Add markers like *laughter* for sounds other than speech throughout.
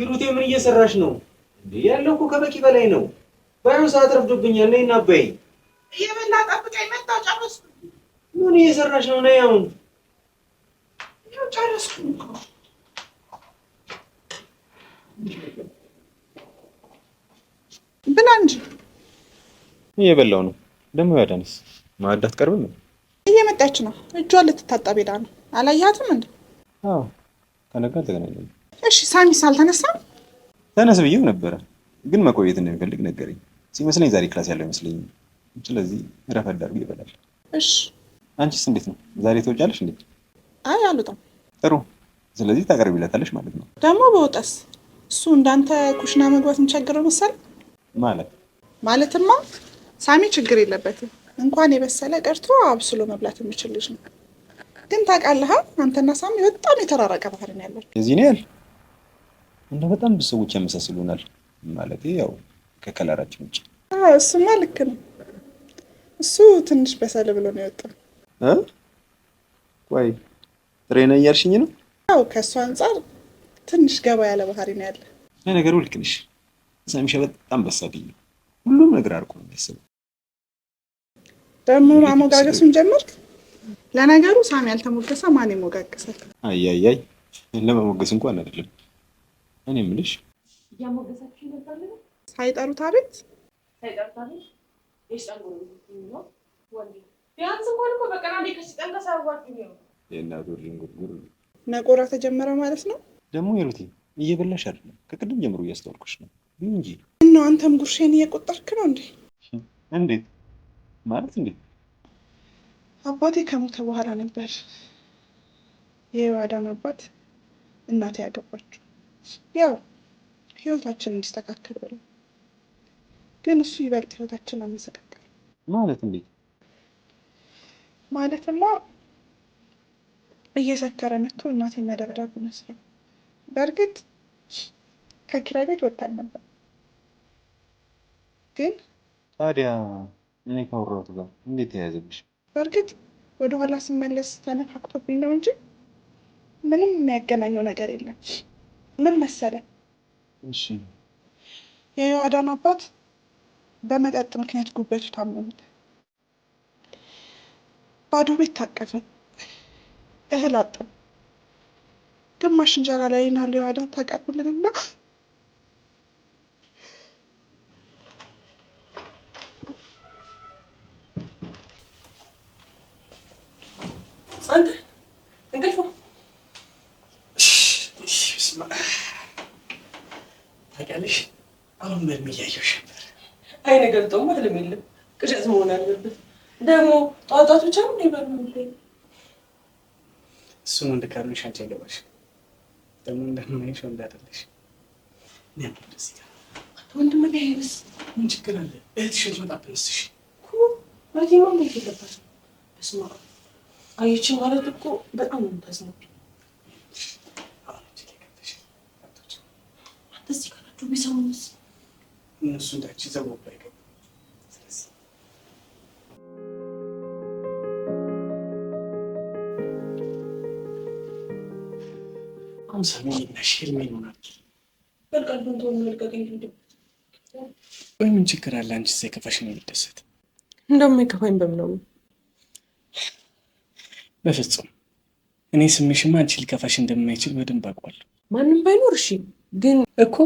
ሂሩቴ ምን እየሰራሽ ነው? ያለው እኮ ከበቂ በላይ ነው። ባዩ ሰዓት ረፍዶብኛል። ነይ እና አባዬ እየበላ ጠብቀኝ። መጣሁ ጨረስኩ። ምን እየሰራሽ ነው? ነይ አሁን። ያው ጨረስኩ እኮ ብላ እንጂ እየበላሁ ነው። ደግሞ ያዳንስ ማዕድ አትቀርብም። እየመጣች ነው። እጇን ልትታጠብ ሄዳ ነው። አላያትም እንዴ? አዎ፣ ከነጋ ተገናኘን እሺ ሳሚስ አልተነሳም? ተነስ ብዬው ነበረ ግን መቆየት እንደሚፈልግ ነገረኝ። ሲመስለኝ ዛሬ ክላስ ያለው አይመስለኝም። ስለዚህ ረፈድ ይበላል። እሺ አንቺስ እንዴት ነው? ዛሬ ትወጫለሽ እንዴ? አይ አልወጣም። ጥሩ። ስለዚህ ታቀርቢላታለሽ ማለት ነው። ደግሞ በወጣስ እሱ እንዳንተ ኩሽና መግባት የሚቸግረው መሰል ማለት ማለትማ ሳሚ ችግር የለበትም። እንኳን የበሰለ ቀርቶ አብስሎ መብላት የሚችል ልጅ ነው። ግን ታውቃለህ፣ አንተና ሳሚ በጣም የተራራቀ ባህርን ያለን የዚህ ነው ያል እንደ በጣም ብዙ ሰዎች ያመሳስሉናል። ማለት ያው ከከለራችን ውጭ። እሱማ ልክ ነው። እሱ ትንሽ በሰል ብሎ ነው የወጣው። ወይ ጥሬነ እያልሽኝ ነው? አዎ ከእሱ አንጻር ትንሽ ገባ ያለ ባህሪ ነው ያለ። ለነገሩ ልክ ነሽ። ሳሚሻ በጣም በሳቢኝ ነው። ሁሉም ነገር አርቆ ነው የሚያስበው። ደግሞ አሞጋገሱን ጀመርክ። ለነገሩ ሳሚ ያልተሞገሰ ማን ይሞጋገሳል? አያያይ ለመሞገስ እንኳን አይደለም እኔ የምልሽ ሳይጠሩት አቤት ነቆራ ተጀመረ ማለት ነው። ደግሞ ሂሩቴ እየበላሽ አይደለም፣ ከቅድም ጀምሮ እያስተዋልኩሽ ነው እንጂ እና አንተም ጉርሼን እየቆጠርክ ነው እንዴ? እንዴት ማለት እንዴ? አባቴ ከሞተ በኋላ ነበር የዋዳን አባት እናቴ ያገባችው። ያው ህይወታችን እንዲስተካከል ብለው ግን እሱ ይበልጥ ህይወታችን አመሰቃቀል ማለት እንዴት ማለትማ እየሰከረ መጥቶ እናቴና ደብዳቤ መስለው በእርግጥ ከኪራይ ቤት ወጥታል ነበር ግን ታዲያ እኔ ካወራሁት ጋር እንዴት የያዘብሽ? በእርግጥ ወደኋላ ስመለስ ተነካክቶብኝ ነው እንጂ ምንም የሚያገናኘው ነገር የለም። ምን መሰለ የዮአዳን አባት በመጠጥ ምክንያት ጉበቱ ታመሙት። ባዶ ቤት ታቀፈ፣ እህል አጥም፣ ግማሽ እንጀራ ላይ ናሉ ዮአዳን ታቀርብልንና ጸንት አይገልጠውም። ህልም የለም ቅዠት መሆን አለበት። ደግሞ ጧጧት ብቻ ነው ይበሉ እሱን ወንድ ካልሆንሽ አንቺ አይገባሽ። ደግሞ እንደምናይሽ ወንድ አይደለሽ። ወንድም ላይ ምን ችግር አለ? እህትሽ ትመጣብን ስሽ ማለቴማ ማየት የለባትም። በስመ አብ ማለት እኮ በጣም ነው የምታዝነው። እነሱ እንዳንቺ ዘቦባ በጣም ሰሜን ነሽ ሄልሜን ሆናለች። ወይ ምን ችግር አለ? አንቺ እዛ የከፋሽ ነው የሚደሰት። እንደውም የከፋኝ በምነው በፍጹም እኔ ስሜሽማ አንቺ ሊከፋሽ እንደማይችል በደንብ አውቀዋለሁ። ማንም ባይኖር እሺ፣ ግን እኮ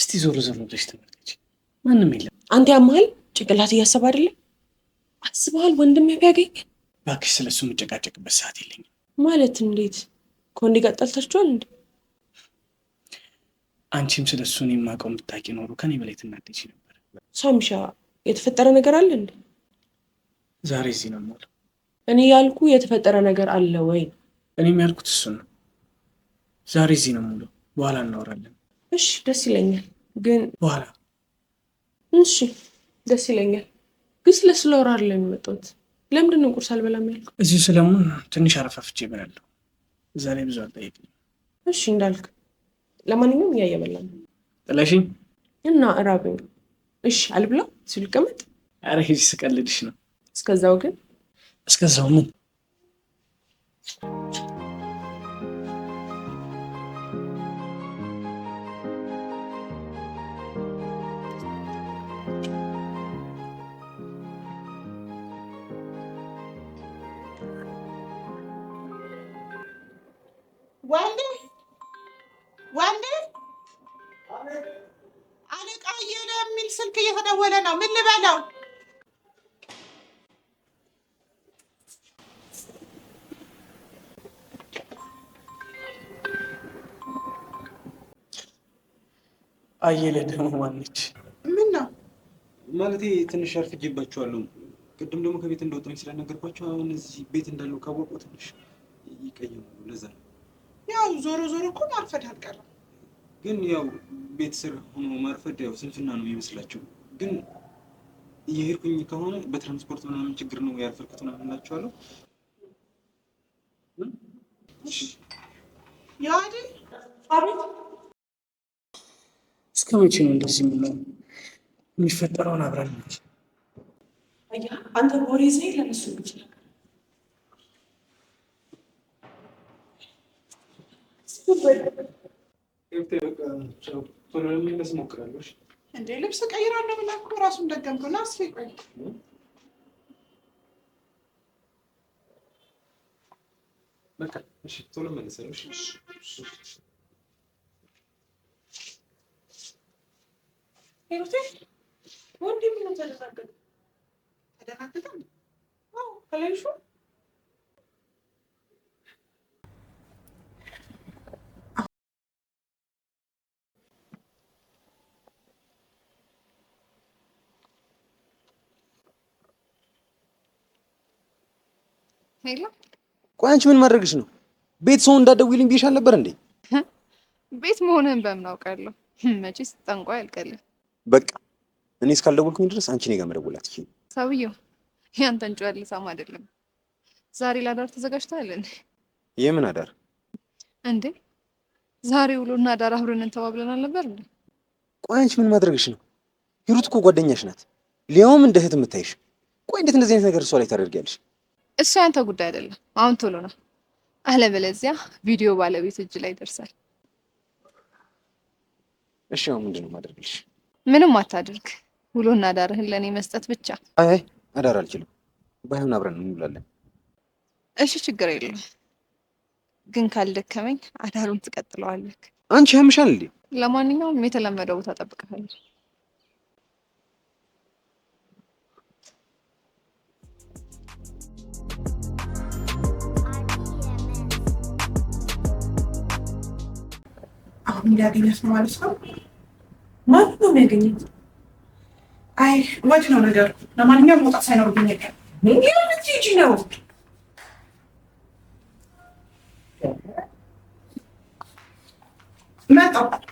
እስቲ ዞሮ ዞሮ ብለሽ ተመልከች፣ ማንም የለም። አንተ ያመሃል ጭንቅላት እያሰብ አይደለም አስበሃል። ወንድም ያገኝ እባክሽ፣ ስለሱ የምጨቃጨቅበት ሰዓት የለኝም። ማለት እንዴት ከወንድ ጋር ጣልታችኋል እንዴ? አንቺም ስለ እሱ እኔ የማውቀው የምታውቂ ኖሮ ከኔ በላይ ትናደጂ ነበር። ሳምሻ፣ የተፈጠረ ነገር አለ እንዴ? ዛሬ እዚህ ነው የምውለው። እኔ ያልኩ የተፈጠረ ነገር አለ ወይ? እኔም ያልኩት እሱ ነው። ዛሬ እዚህ ነው የምውለው። በኋላ እናወራለን። እሺ፣ ደስ ይለኛል። ግን በኋላ እሺ፣ ደስ ይለኛል። ግን ስለ ስለወራ አይደለም የመጣሁት። ለምንድን ነው ቁርስ አልበላም ያልኩት? እዚሁ ስለምን ትንሽ አረፋፍቼ ይበላለሁ። ዛሬ ብዙ አልጠየቅም። እሺ እንዳልክ። ለማንኛውም እያየ በላ ነው ጥለሽኝ እና እራበኝ። እሺ አልብላ ሲሉ ይቀመጥ። ኧረ ሂጂ፣ ስቀልድሽ ነው። እስከዛው ግን እስከዛው ምን እየተደዋወለ ነው። ምን ልበለው? አየለ ደግሞ ማነች? ምን ነው ማለት ትንሽ አርፍጄባቸዋለሁ። ቅድም ደግሞ ከቤት እንደወጣኝ ስለነገርኳቸው አሁን እዚህ ቤት እንዳለው ካወቁ ትንሽ ይቀየሙ። ለዛ ነው ያው ዞሮ ዞሮ እኮ ማርፈድ አልቀረም። ግን ያው ቤት ስር ሆኖ ማርፈድ ያው ስንፍና ነው የሚመስላቸው። ግን እየሄድኩኝ ከሆነ በትራንስፖርት ምናምን ችግር ነው ያልፈልኩት ምናምን እላቸዋለሁ። እስከ መቼ ነው እንደዚህ የምለው? የሚፈጠረውን አብረን ነች። አንተ ወሬ ዘይ ለነሱ ይችላል ሞክራለች እንዴ ልብስ ቀይራለሁ ብላ እኮ ራሱን ደገምኩና እስኪ ቆይ ቶሎ መልሰን ወንድ ምን ተደናገጠ ተደናገጠ ከሌልሹ ቆይ አንቺ ምን ማድረግሽ ነው? ቤት ሰው እንዳትደውይልኝ ብዬሽ አልነበር እንዴ? *laughs* ቤት መሆንህን በምን አውቃለሁ? *laughs* መቼስ ጠንቋይ አልቀልም። በቃ እኔ እስካልደወልኩኝ ድረስ አንቺ እኔ ጋር መደወል አትችይም። ሰውዬው *laughs* ያንተን ጩኸት ልሰማ አይደለም። ዛሬ ላዳር ተዘጋጅተሃል? የምን አዳር እንዴ? ዛሬ ውሎና አዳር አብረን እንተባብለን ነበር እንዴ? ቆይ አንቺ ምን ማድረግሽ ነው? ሂሩት እኮ ጓደኛሽ ናት፣ ሊያውም እንደ እህት የምታይሽ። ቆይ እንዴት እንደዚህ አይነት ነገር እሷ ላይ ታደርጊያለሽ? እሱ ያንተ ጉዳይ አይደለም። አሁን ቶሎ ነው፣ አለበለዚያ ቪዲዮ ባለቤት እጅ ላይ ይደርሳል። እሺ፣ አሁን ምንድን ነው ምንም አታድርግ። ውሎና አዳርህን ለእኔ መስጠት ብቻ። አይ አዳር አልችልም። ባይሆን አብረን እንውላለን። እሺ፣ ችግር የለም። ግን ካልደከመኝ አዳሩን ትቀጥለዋለህ። አንቺ ያምሻል እንዴ? ለማንኛውም የተለመደው ቦታ ጠብቀሃለሁ። ሊያገኛት ነው ማለት ነው። ማንም ነው አይ ወድ ነው ነገር ለማንኛውም መውጣት ሳይኖርብኝ ነገር ይጂ ነው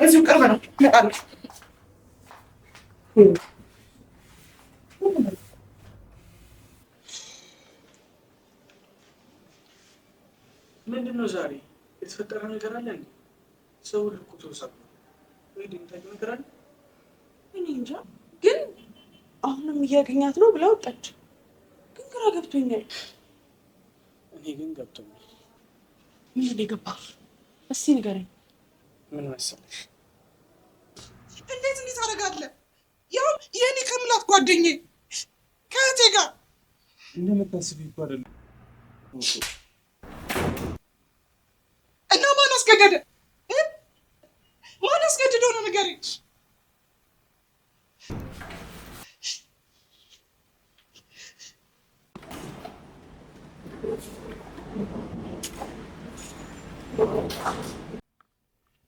እዚሁ ቅርብ ነው ምንድን ነው ዛሬ የተፈጠረ ነገር አለ? ሰው ልኩ ተወሰዱ ወይ ድንገት ይነግራል። እኔ እንጃ። ግን አሁንም እያገኛት ነው ብላ ወጣች። ግን ግራ ገብቶኛል። እኔ ግን ገብቶኛል። ምን ገባ? እስቲ ንገረኝ። ምን መሰለሽ፣ እንዴት እንዴት አደርጋለሁ ያው የእኔ ከምላት ጓደኛዬ ከእቴ ጋር እንደምታስብ ይባላል እና ማን አስገደደ? ንገሪኝ።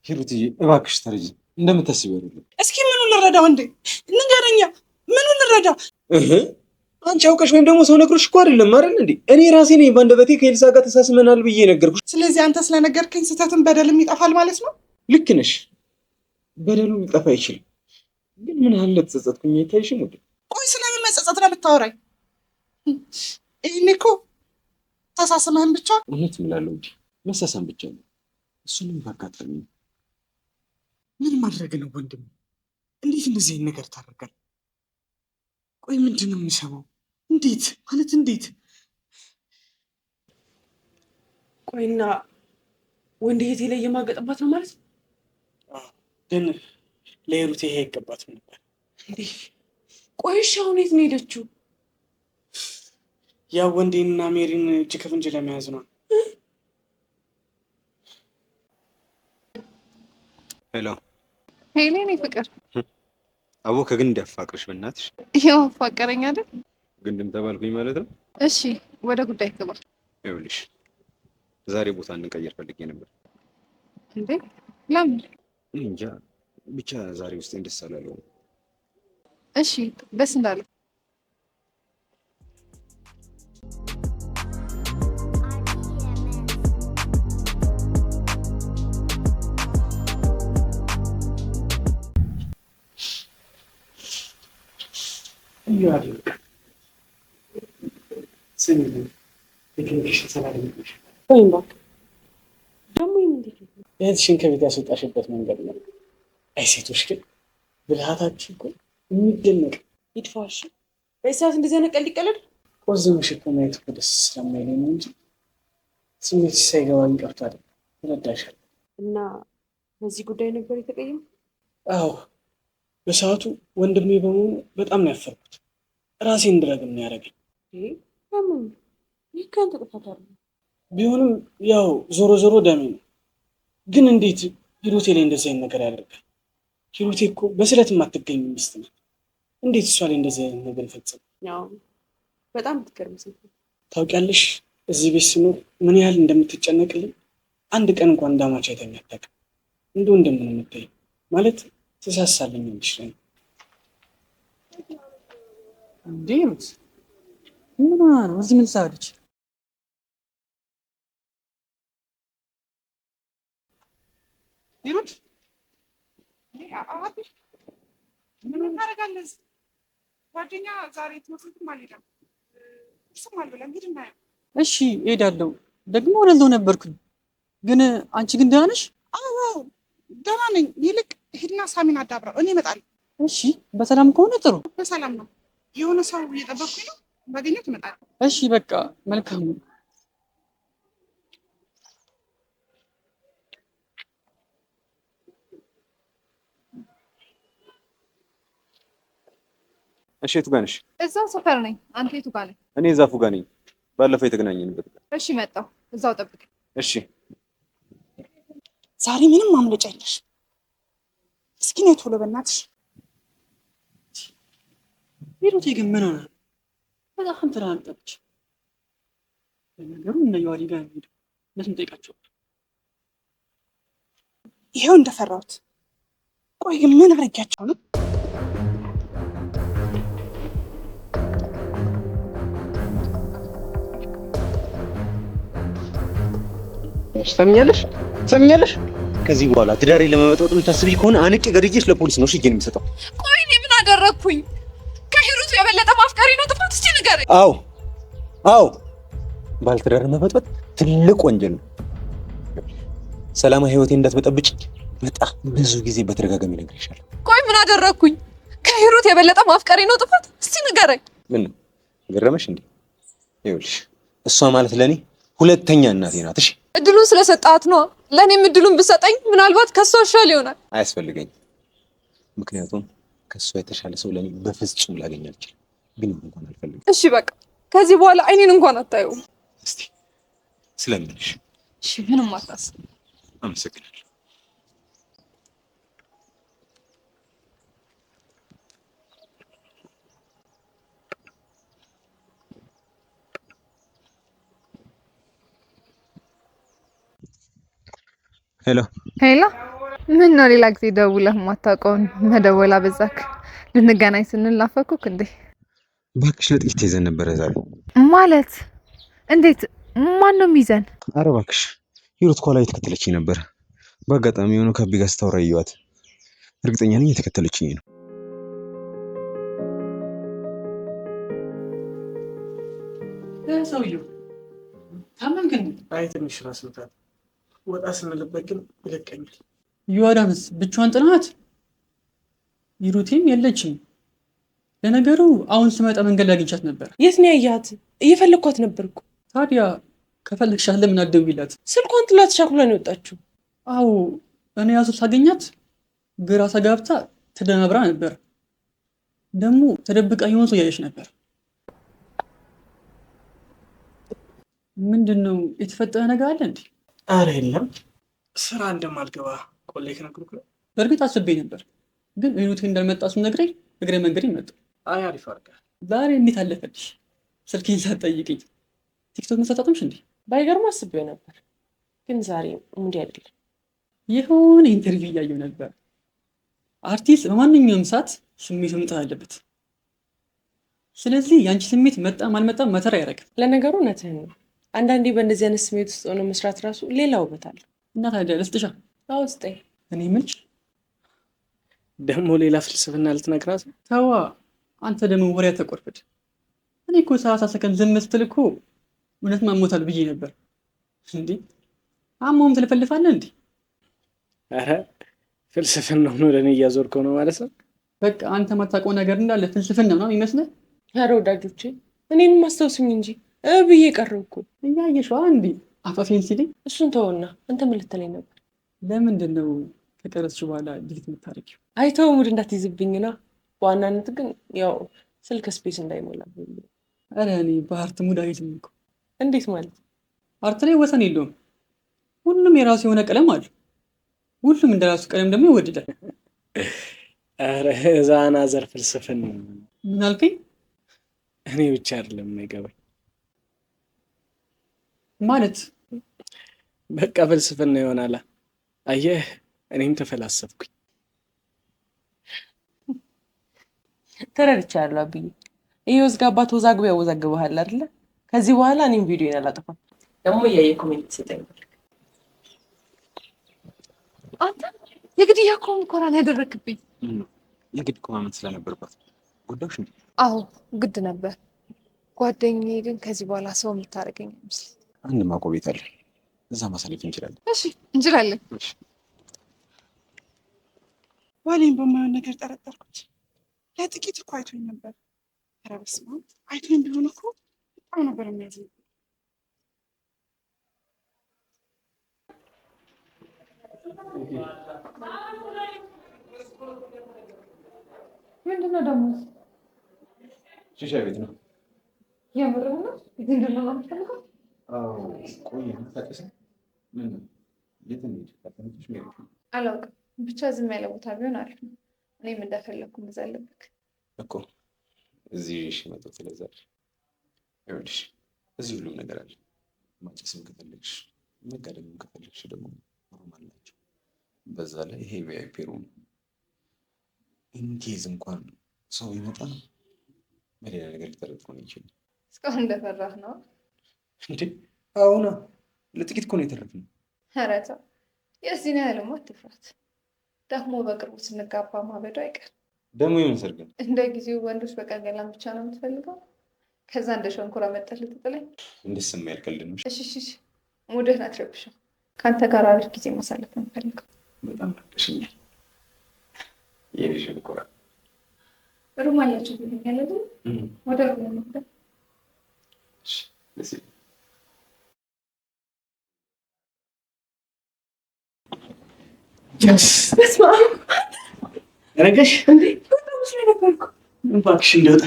ሂሩትዬ እባክሽ ተረጅ እንደምታስብ ያደለ እስኪ ምኑ ልረዳ ወንዴ ንገረኛ፣ ምኑ ልረዳ? አንቺ አውቀሽ ወይም ደግሞ ሰው ነግሮሽ እኮ አይደለም አይደል እንዴ? እኔ ራሴ ነኝ ባንደበቴ ከኤልሳ ጋር ተሳስመናል ብዬ ነገርኩሽ። ስለዚህ አንተ ስለነገርከኝ ስህተትን በደልም ይጠፋል ማለት ነው። ልክ ነሽ። በደሉ ሊጠፋ አይችልም። ግን ምን ያህል ለተጸጸትኩኝ አይታይሽም? ውድ ቆይ፣ ስለምን መጸጸት ነው የምታወራኝ? ይህን እኮ ተሳስመህን ብቻ እውነት እምላለሁ ውድ፣ መሳሳም ብቻ ነው። እሱንም ባጋጠሚ ምን ማድረግ ነው ወንድም? እንዴት እንደዚህ ነገር ታደርጋል? ቆይ ምንድን ነው የሚሰማው? እንዴት ማለት እንዴት? ቆይና ወንድ እህቴ ላይ የማገጥባት ነው ማለት ነው ግን ለሄሩት ይሄ አይገባትም ነበር። ቆይሻ ሁኔት ነው ሄደችው? ያ ወንዴንና ሜሪን እጅ ከፍንጅ ለመያዝ ነው። ሄሎ ሄሎ፣ ፍቅር አቦከ ግን እንዲያፋቅርሽ በእናትሽ። ያው አፋቀረኝ አይደል? ግንድም ተባልኩኝ ማለት ነው። እሺ ወደ ጉዳይ ግባ። ይኸውልሽ ዛሬ ቦታ እንቀየር ፈልጌ ነበር። እንዴ ለምን? ብቻ ዛሬ ውስጥ ደስ አላለውም። እሺ ደስ እንዳለ ደግሞ እህትሽን ከቤት ያስወጣሽበት መንገድ ነው። አይ ሴቶች ግን ብልሃታችሁ እኮ የሚደነቅ ይድፋሽ። በዚህ ሰዓት እንደዚህ አይነት ቀልድ ይቀለድ። ቆዘምሽ እኮ ማየት እኮ ደስ ስለማይለኝ እንጂ ስሜት ሳይገባኝ ቀርቶ አይደለም። እረዳሻለሁ። እና በዚህ ጉዳይ ነበር የተቀየመው? አዎ በሰዓቱ ወንድሜ በመሆኑ በጣም ነው ያፈርኩት። ራሴ እንድረግ ነው ያደረገኝ። ይህ ከንተ ጥፋት አለ ቢሆንም ያው ዞሮ ዞሮ ደሜ ነው ግን እንዴት ሂሩቴ ላይ እንደዚህ አይነት ነገር ያደርጋል? ሂሩቴ እኮ በስለት የማትገኝ ሚስት ናት። እንዴት እሷ ላይ እንደዚህ አይነት ነገር ይፈጽም? በጣም ትገርም ሴት ታውቂያለሽ። እዚህ ቤት ስኖር ምን ያህል እንደምትጨነቅልኝ አንድ ቀን እንኳን እንዳማቻ የተሚያታቅ እንደ እንደምን የምታይ ማለት ትሳሳለኝ እንችለን ዲምት ምን ነው እዚህ ምን ሳደች ሂሩት ምን እናደርጋለን? ጓደኛ ዛሬ ትምህርት ቤትም አልሄደም እሱም አልበላም። ሂድ እናየው። እሺ እሄዳለሁ። ደግሞ ወለለው ነበርኩኝ ግን አንቺ ግን ደህና ነሽ? አዎ ደህና ነኝ። ይልቅ ሂድና ሳሚን አዳብራው፣ እኔ እመጣለሁ። እሺ በሰላም ከሆነ ጥሩ። በሰላም ነው። የሆነ ሰው እየጠበኩኝ ነው። ባገኘው ትመጣለህ። እሺ በቃ መልካም ነው። እሺ፣ የቱ ጋር ነሽ? እዛው ሰፈር ነኝ። አንተ የቱ ጋር ነኝ? እኔ ዛፉ ጋር ነኝ፣ ባለፈው የተገናኘንበት። እሺ፣ መጣሁ። እዛው ጠብቅ። እሺ። ዛሬ ምንም ማምለጫ የለሽ። እስኪ ነይ ቶሎ በእናትሽ። ሂሩት ግን ምን ሆነ? በጣም ተደናገጠች። ነገሩ እነ የዋሊ ጋር የሚሄዱ እነሱን ጠይቃቸው። ይሄው እንደፈራሁት። ቆይ ግን ምን አድርጊያቸው ነው? ሰምኛለሽ? ሰምኛለሽ? ከዚህ በኋላ ትዳሬ ለመመጣት የምታስቢ ከሆነ አንቄ ገድዬሽ ለፖሊስ ነው እሺ እጄን የምሰጠው። ቆይ እኔ ምን አደረግኩኝ? ከሂሩት የበለጠ ማፍቀሪ ነው ጥፋት? እስኪ ንገረኝ። አዎ አዎ፣ ባለትዳር መበጥበጥ ትልቅ ወንጀል ነው። ሰላማ ህይወቴን እንዳትበጠብጭ በጣም ብዙ ጊዜ በተደጋጋሚ እነግርሻለሁ። ቆይ ምን አደረግኩኝ? ከሂሩት የበለጠ ማፍቀሪ ነው ጥፋት? እስኪ ንገረኝ። ምን ገረመሽ እንዴ? ይኸውልሽ እሷ ማለት ለእኔ ሁለተኛ እናቴ ናት። እሺ እድሉን ስለሰጣት ነው። ለእኔም እድሉን ብሰጠኝ ምናልባት ከሷ ይሻል ይሆናል። አያስፈልገኝም ምክንያቱም ከሷ የተሻለ ሰው ለኔ በፍጹም ላገኝ አልችልም። ግን እንኳን አልፈልግም። እሺ በቃ ከዚህ በኋላ አይኔን እንኳን አታየውም። እስቲ ስለምንሽ። እሺ ምንም አታስብ። አመሰግናለሁ። ሄሎ ሄሎ፣ ምን ነው ሌላ ጊዜ ደውለህ የማታውቀውን መደወላ በዛክ። ልንገናኝ ስንላፈኩክ እንዴ? እባክሽ ለጥቂት ተይዘን ነበረ ዛሬ። ማለት እንዴት? ማን ነው የሚይዘን? አረ እባክሽ ሂሩት ኋላ የተከተለችኝ ነበር። በአጋጣሚ የሆነ ከቢ ጋር ስታወራ እየዋት፣ እርግጠኛ ነኝ የተከተለችኝ ነው። ሰውዬው ታመም ግን አይ ትንሽ ራስ ምታት ወጣ ስንልበት ግን ይለቀኛል። ዮአዳንስ ብቻዋን ጥናት ይሩቲም የለችም። ለነገሩ አሁን ስመጣ መንገድ ላይ አግኝቻት ነበር። የት ነው ያየሃት? እየፈለግኳት ነበርኩ። ታዲያ ከፈለግሻት ለምን አትደውይላት? ስልኳን ጥላት ሻኩላን ነው የወጣችው። አዎ እኔ ያሱ ሳገኛት ግራ ተጋብታ ተደናብራ ነበር። ደግሞ ተደብቃ የሆን ሰው እያየች ነበር። ምንድን ነው የተፈጠረ ነገር አለ እንዴ? አረ የለም ስራ እንደማልገባ ቆሌ ከነገርኩ በእርግጥ አስቤ ነበር፣ ግን ዩኒቲ እንዳልመጣ ስነግረኝ እግረ መንገድ ይመጣ አይ አሪፍ አድርገህ ዛሬ እንዴት አለፈልሽ? ስልኬን ሳትጠይቅኝ ቲክቶክ መሰጣጥምሽ እንዴ? ባይገርም አስቤው ነበር፣ ግን ዛሬ ሙዲ አይደለም። የሆነ ኢንተርቪው እያየው ነበር። አርቲስት በማንኛውም ሰዓት ስሜት መምጣት አለበት። ስለዚህ የአንቺ ስሜት መጣም አልመጣም መተር አያደርግም። ለነገሩ እውነትህን ነው። አንዳንዴ በእንደዚህ አይነት ስሜት ውስጥ ሆኖ መስራት ራሱ ሌላ ውበት አለ። እና ታዲያ ልስጥሻ ውስጤ እኔ ምንጭ ደግሞ ሌላ ፍልስፍና ልትነግራት ተዋ። አንተ ደግሞ ወሬ ተቆርፍድ። እኔ እኮ ሰላሳ ሰከንድ ዝም ስትል እኮ እውነት ማሞታል ብዬ ነበር። እንዴ አሞም ትልፈልፋለህ እንዴ? አረ ፍልስፍና ሆኖ ለእኔ እያዞርከው ነው ማለት ነው። በቃ አንተ ማታውቀው ነገር እንዳለ ፍልስፍና ነው ይመስልህ? ኧረ ወዳጆቼ እኔንም አስታውስኝ እንጂ ብዬ ቀረው እኮ እያየሸዋ እንዲ አፋፌን ሲልኝ፣ እሱን ተወና አንተ ምን ልትለኝ ነበር? ለምንድን ነው ከቀረጽሽ በኋላ ድሊት የምታደርጊው? አይተው ሙድ እንዳትይዝብኝና በዋናነት ግን ያው ስልክ ስፔስ እንዳይሞላ። ኧረ እኔ በአርት ሙድ አይዝም እኮ። እንዴት ማለት? አርት ላይ ወሰን የለውም። ሁሉም የራሱ የሆነ ቀለም አለው። ሁሉም እንደራሱ ቀለም ደግሞ ይወድዳል። ኧረ እዛና ዘር ምን አልከኝ? እኔ ብቻ አይደለም የማይገባኝ ማለት በቃ ፍልስፍና ይሆናላ። አየህ፣ እኔም ተፈላሰፍኩኝ። ተረድቻለሁ አብዬ። ይህ ወዝጋ ወዝጋባ ተወዛግቦ ያወዛግበሃል አይደለ? ከዚህ በኋላ እኔም ቪዲዮ አላጠፋም። ደግሞ እያየ ኮሜንት ሰጠኝ። አንተ የግድያ እኮ ምኮራን ያደረግብኝ የግድ ኮማመን ስለነበርባት ጉዳዮች። አዎ ግድ ነበር። ጓደኛዬ ግን ከዚህ በኋላ ሰው የምታደርገኝ ምስል አንድ ማቆ ቤት አለ፣ እዛ ማሳለፍ እንችላለን። እሺ እንችላለን። ባሌን በማየው ነገር ጠረጠርኩት። ለጥቂት እኮ አይቶኝ ነበር። ኧረ በስመ አብ! አይቶኝ ቢሆን እኮ በጣም ነበር የሚያዝ። ምንድነው ደግሞ? ሺሻ ቤት ነው። የምር ነው? እዚህ ነው የምትፈልገው? አላውቅም ብቻ ዝም ያለ ቦታ ቢሆን አሪፍ ነው። እኔም እንደፈለግኩ መዛ እኮ እዚህ ሽ ይኸውልሽ እዚህ ሁሉም ነገር አለ። ማጨስም ከፈለግሽ መጋደምም ከፈለግሽ ደግሞ በዛ ላይ ይሄ ቪአይፒ ሩም እንኳን ሰው ይመጣ በሌላ ነገር ሊጠረጥሩን ይችላል። እስካሁን እንደፈራህ ነው። እንዴ አሁና ለጥቂት እኮ ነው የተረፍነው። ኧረ ተው የዚህን ያህልማ አትፍራት። ደግሞ በቅርቡ ስንጋባ ማበዱ አይቀር። ደግሞ የምን ሰርግ ነው? እንደ ጊዜው ወንዶች በቀገላም ብቻ ነው የምትፈልገው። ከዛ እንደ ሸንኮራ መጠን ልትጥለኝ እንደስማ ያልከልድነው። እሺ እሺ፣ ሙድህን አትረብሽም። ከአንተ ጋር አሪፍ ጊዜ ማሳለፍ ነው የምፈልገው። በጣም ሸንኮራ ሩማያቸው ወደ ሩ ደስ ረገሽ እንዴ? እባክሽ ወጣ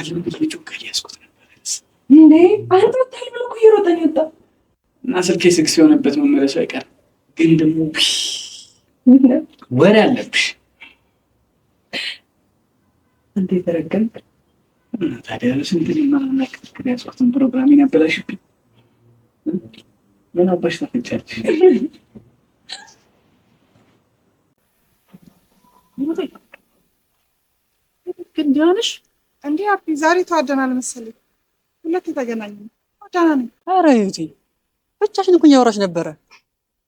እና ስልኬ ስልክ ሲሆነበት መመለሱ አይቀርም። ግን ደግሞ ወሬ አለብሽ። አንተ የተረገምክ ታዲያ ስንት የማናናቅክር ያስኩትን ፕሮግራም ያበላሽብኝ ምን አባሽ ታፈጫለሽ? ግን ዲሆንሽ እንዲህ አቢ ዛሬ ተዋደናል መሰለኝ። ሁለት የተገናኘ ደህና ነኝ። ኧረ ብቻሽን እኮ እያወራሽ ነበረ።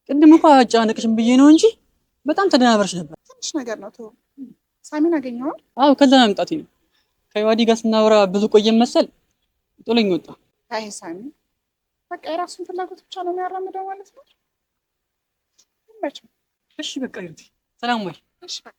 ቅድም እኮ አጫነቅሽም ብዬ ነው እንጂ በጣም ተደናበረሽ ነበር። ትንሽ ነገር ነው። ተወው። ሳሚን አገኘዋል? አዎ፣ ከዛ መምጣቴ ነው። ከዮሐዲ ጋር ስናወራ ብዙ ቆየን መሰል ጥሎኝ ወጣ። አይ ሳሚ በቃ የራሱን ፍላጎት ብቻ ነው የሚያራምደው ማለት ነው። እሺ በቃ ሰላም ወይ። እሺ በቃ